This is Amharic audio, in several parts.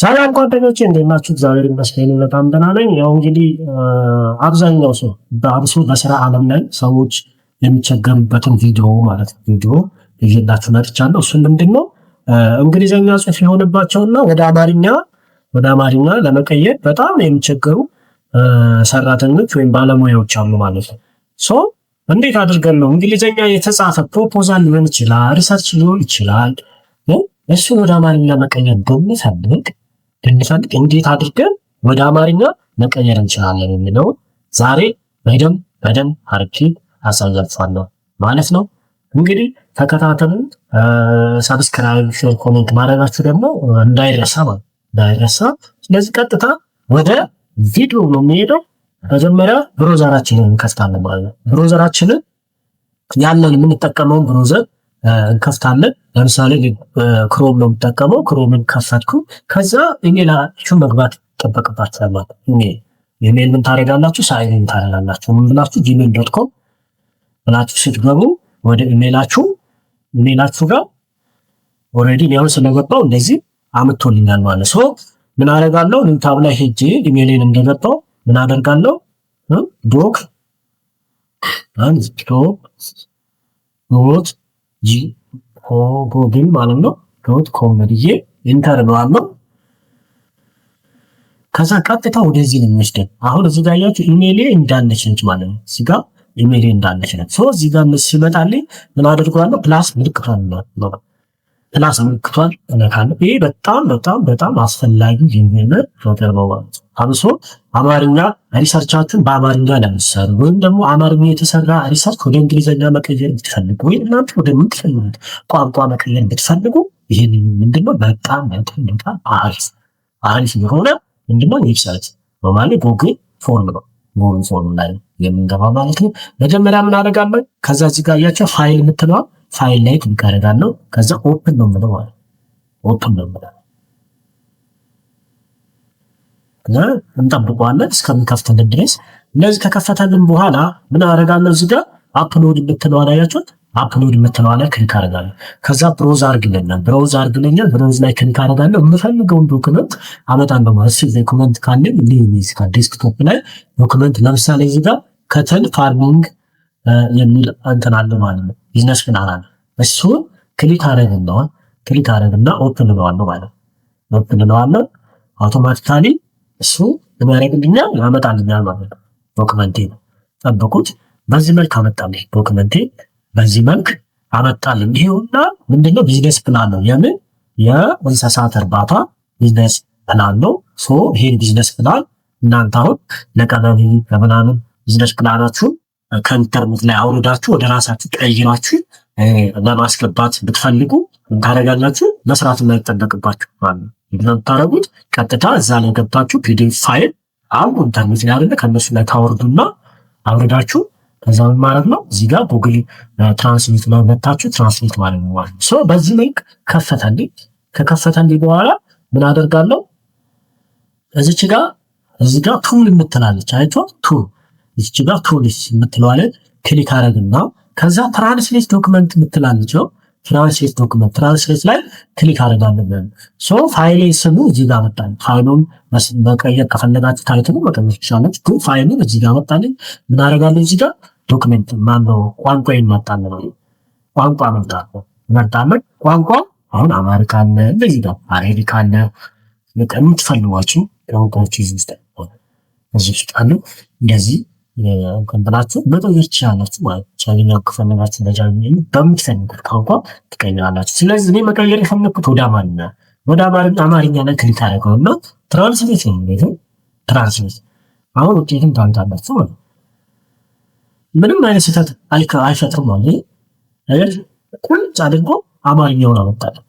ሰላም ጓደኞቼ እንዴት ናችሁ? እግዚአብሔር ይመስገን በጣም ደህና ነኝ። ያው እንግዲህ አብዛኛው ሰው በአብሶ በስራ ዓለም ላይ ሰዎች የሚቸገሩበትን ቪዲዮ ማለት ነው ቪዲዮ ይዤላችሁ መጥቻለሁ። እሱን ምንድን ነው እንግሊዝኛ ጽሑፍ የሆነባቸውና ወደ አማርኛ ወደ አማርኛ ለመቀየር በጣም የሚቸገሩ ሰራተኞች ወይም ባለሙያዎች አሉ ማለት ነው። ሶ እንዴት አድርገን ነው እንግሊዝኛ የተጻፈ ፕሮፖዛል ሊሆን ይችላል፣ ሪሰርች ሊሆን ይችላል እሱን ወደ አማርኛ ለመቀየር ብንፈልግ እንፈልግ እንዴት አድርገን ወደ አማርኛ መቀየር እንችላለን የሚለውን ዛሬ በደንብ በደንብ አድርጌ አሳያችኋለሁ ማለት ነው። እንግዲህ ተከታተሉ። ሰብስክራይብ፣ ሼር፣ ኮሜንት ማድረጋችሁ ደግሞ እንዳይረሳ ማለት እንዳይረሳ። ስለዚህ ቀጥታ ወደ ቪዲዮ ነው የሚሄደው። መጀመሪያ ብሮዘራችንን እንከፍታለን ማለት ነው። ብሮዘራችንን ያለን የምንጠቀመውን ብሮዘር እንከፍታለን። ለምሳሌ ክሮም ነው የምጠቀመው። ክሮምን ከፈትኩ። ከዛ ኢሜላችሁ መግባት ይጠበቅባችኋል ማለት ኢሜል ኢሜል ምን ታደርጋላችሁ? ሳይን ምን ታደርጋላችሁ? ምን ብላችሁ ጂሜል ዶት ኮም ብላችሁ ስትገቡ ወደ ኢሜላችሁ ኢሜላችሁ ጋር ኦልሬዲ ሊሆን ስለገባው እንደዚህ አምቶልኛል ማለት ሶ ምን አደርጋለሁ? ልምታብ ላይ ሄጄ ኢሜሌን እንደገባው ምን አደርጋለሁ? ዶክ ዶክ ዶት ጂ ጎግል ማለት ነው ዶት ኮም ብዬ ኢንተር ከዛ ቀጥታ ወደዚህ ነው የሚወስደን። አሁን እዚህ ጋር ያያችሁ ኢሜይሌ ነች ማለት ነው። እዚህ ጋር ነች። ሶ እዚህ ጋር ሲመጣልኝ ምን አድርጓለሁ? ፕላስ ምልክቷን ነው ፕላስ አመልክቷል እነካለ። ይህ በጣም በጣም በጣም አስፈላጊ የሆነ ነገር ነው ማለት ነው። አብሶ አማርኛ ሪሰርቻችን በአማርኛ ለምሳሌ ወይም ደግሞ አማርኛ የተሰራ ሪሰርች ወደ እንግሊዝኛ መቀየር ብትፈልጉ ወይም እናንተ ምትፈልጉት ቋንቋ መቀየር ብትፈልጉ ይህን ምንድነው በጣም በጣም በጣም አሪፍ አሪፍ የሆነ ምንድነው ዌብሳይት በማለ ጎግል ፎርም ነው። ጎግል ፎርም ላይ የምንገባ ማለት ነው። መጀመሪያ ምን አደርጋለን? ከዛ እዚህ ጋር እያቸው ፋይል የምትለዋል ፋይል ላይ ክሊክ አደርጋለሁ። ከዛ ኦፕን ነው የምለው ማለት ኦፕን ነው የምለው። ከዛ እንጠብቀዋለን እስከሚከፍትልን ድረስ። እንደዚህ ከከፈተልን በኋላ ምን አደርጋለሁ እዚህ ጋር አፕሎድ የምትለው አላያችሁት? አፕሎድ የምትለዋ ላይ ክሊክ አደርጋለሁ። ከዛ ብሮዝ አድርግልኛል፣ ብሮዝ አድርግልኛል። ብሮዝ ላይ ክሊክ አደርጋለሁ። የምፈልገውን ዶክመንት አመጣን ማለት ዶክመንት ካለኝ ሊሆን ይችላል። ዴስክቶፕ ላይ ዶክመንት ለምሳሌ እዚህ ጋር ከተል ፋርሚንግ የሚል እንትን አለ ማለት ነው። ቢዝነስ ፕላን አለ። እሱን ክሊክ አረግ እንደሆን ክሊክ አረግ እና ኦፕን እለዋለሁ ማለት ነው። ኦፕን እለዋለሁ አውቶማቲካሊ እሱ ለማረግልኛ ያመጣልኛል ማለት ነው። ዶክመንቴ ነው ጠብቁት። በዚህ መልክ አመጣልኝ ዶክመንቴ በዚህ መልክ አመጣልኝ። ይሄውና ምንድነው ቢዝነስ ፕላን ነው። የምን የእንስሳት እርባታ ቢዝነስ ፕላን ነው። ይሄን ቢዝነስ ፕላን እናንተ አሁን ለቀበሌ ለምናምን ቢዝነስ ፕላናችሁን ከኢንተርኔት ላይ አውርዳችሁ ወደ ራሳችሁ ቀይራችሁ ለማስገባት ብትፈልጉ ታደረጋላችሁ። መስራት የማይጠበቅባችሁ ማለት ቀጥታ እዛ ላይ ገብታችሁ ፒዲኤፍ ፋይል አሉ ኢንተርኔት ላይ አለ ከእነሱ ላይ ታወርዱና አውርዳችሁ ከዛ ማለት ነው እዚህ ጋር ጉግል ትራንስሌት መታችሁ ትራንስሌት ማለት ነው ማለት በዚህ ሊንክ ከፈተልኝ። ከከፈተልኝ በኋላ ምን አደርጋለሁ? እዚች ጋር እዚህ ጋር ቱል የምትላለች አይቶ ቱል እዚች ጋር ቱሊስ የምትለዋለን ክሊክ አረግና ከዛ ትራንስሌት ዶክመንት የምትላለች ነው። ትራንስሌት ዶክመንት ትራንስሌት ላይ ክሊክ አረጋለን። ሶ ፋይሌ ስሙ እዚህ ጋር መጣልኝ። ፋይሉን መቀየር ከፈለጋችሁ ታይትሉ መቀየር ትችላለች። ግን ፋይሉን እዚህ ጋር መጣልኝ። እናረጋለን እዚህ ጋር ዶክመንት ማነው ቋንቋ ይመጣል ነው ቋንቋ መምጣት ነው መጣመድ ቋንቋ አሁን አማሪካ አለ፣ እንደዚህ ጋር አሬቢክ አለ። የምትፈልጓቸው ቋንቋዎች ይዝ ውስጥ እዚህ ውስጥ አሉ። እንደዚህ ከንትናችሁ መቀየር ትችላላችሁ ማለት ቻይኛው ከፈለጋችሁ ደረጃ በምትፈልጉት ቋንቋ ትቀይራላችሁ። ስለዚህ እኔ መቀየር የፈለግኩት ወደ አማርኛ ወደ አማርኛ ላይ ክሊክ አደረገው እና ትራንስሌት ነው እንዴት ትራንስሌት አሁን ውጤትም ታምጣላችሁ ማለት ምንም አይነት ስህተት አይፈጥርም ማለት ነገር ቁልጭ አድርጎ አማርኛውን አመጣለን።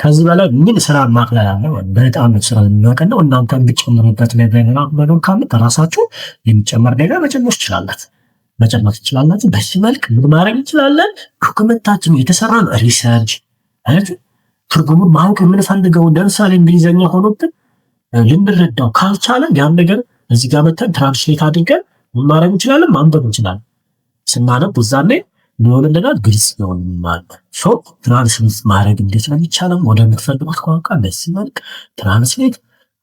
ከዚህ በላይ ምን ስራ ማቅለል አለ? በጣም ስራ የሚያቀለው እናንተ የምትጨምሩበት ነገር ካለ ከራሳችሁ የሚጨመር ነገር መጨመር ትችላላችሁ፣ መጨመር ትችላላችሁ። በዚህ መልክ ምን ማድረግ እንችላለን? ዶክመንታችን የተሰራ ነው ሪሰርች ትርጉሙ ማወቅ የምንፈልገው ለምሳሌ እንግሊዝኛ ሆኖብን ልንረዳው ካልቻለን ያን ነገር እዚህ ጋር መተን ትራንስሌት አድርገን ምን ማድረግ እንችላለን? ማንበብ እንችላለን። ስናነብ እዛኔ ምንድነው ግልጽ ይሆንማል። ሰው ትራንስሌት ማድረግ እንዴት ነው የሚቻለው? ወደምትፈልጉት ቋንቋ በዚህ መልክ ትራንስሌት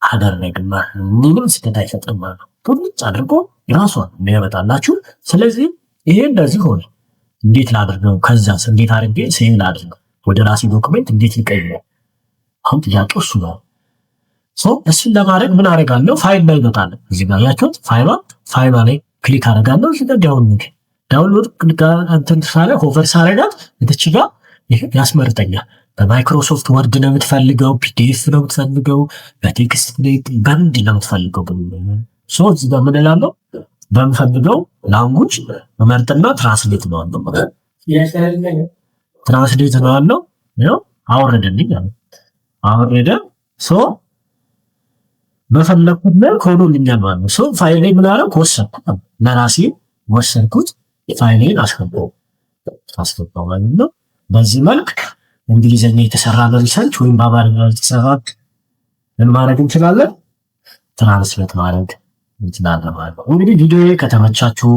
አደረግማ ምንም ስህተት አይፈጥርም ማለት ነው። ቁልጭ አድርጎ ራሷን የሚያመጣላችሁ። ስለዚህ ይሄ እንደዚህ ሆነ፣ እንዴት ላድርገው? ከዛ እንዴት አድርጌ ስሄ አድርገው? ወደ ራሴ ዶክመንት እንዴት ልቀይረው? አሁን ጥያቄ እሱ ነው። እሱን ለማድረግ ምን አደርጋለሁ? ፋይል ላይ እመጣለሁ። እዚህ ጋር ያችሁት ፋይሏ ፋይሏ ላይ ክሊክ አደርጋለሁ። እዚህ ጋር ዳውንሎድ ዳውንሎድ እንትን ሳለ ሆቨር ሳረጋት እትች ጋር ያስመርጠኛል። በማይክሮሶፍት ወርድ ነው የምትፈልገው፣ ፒዲኤፍ ነው የምትፈልገው፣ በቴክስት በምንድን ነው የምትፈልገው? ሶ እዚህ ጋር ምን እላለሁ? በምፈልገው ላንጉጅ መርጥና ትራንስሌት ነው አለው። ትራንስሌት ነው አለው። አወረደልኝ አለ አወረደ። ሶ በፈለግኩት መልክ ሆኖልኛል ማለት ነው። ሶ ፋይሌ ምን አደረግ ወሰንኩት፣ ለራሴ ወሰንኩት። የፋይሌን አስገባው አስገባው ማለት ነው። በዚህ መልክ እንግሊዝኛ የተሰራ በሪሰርች ወይም በአማርኛ የተሰራ ምን ማድረግ እንችላለን? ትራንስሌት ማድረግ እንችላለን ማለት ነው። እንግዲህ ቪዲዮ ከተመቻችሁ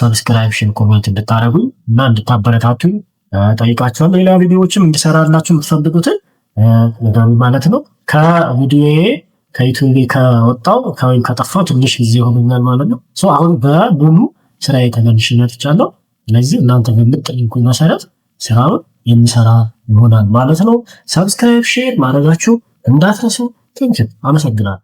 ሰብስክራይብሽን፣ ኮሜንት እንድታደረጉ እና እንድታበረታቱኝ ጠይቃቸዋል። ሌላ ቪዲዮዎችም እንዲሰራላችሁ የምትፈልጉትን ማለት ነው። ከቪዲዮ ከዩቱቤ ከወጣው ከወይም ከጠፋው ትንሽ ጊዜ ሆኖኛል ማለት ነው። አሁን በሙሉ ስራ ተመልሼ መጥቻለሁ። ስለዚህ እናንተ በምትጠይቁኝ መሰረት ስራውን የሚሰራ ይሆናል ማለት ነው። ሰብስክራይብ፣ ሼር ማድረጋችሁ እንዳትረሱ። ትንችን አመሰግናለሁ።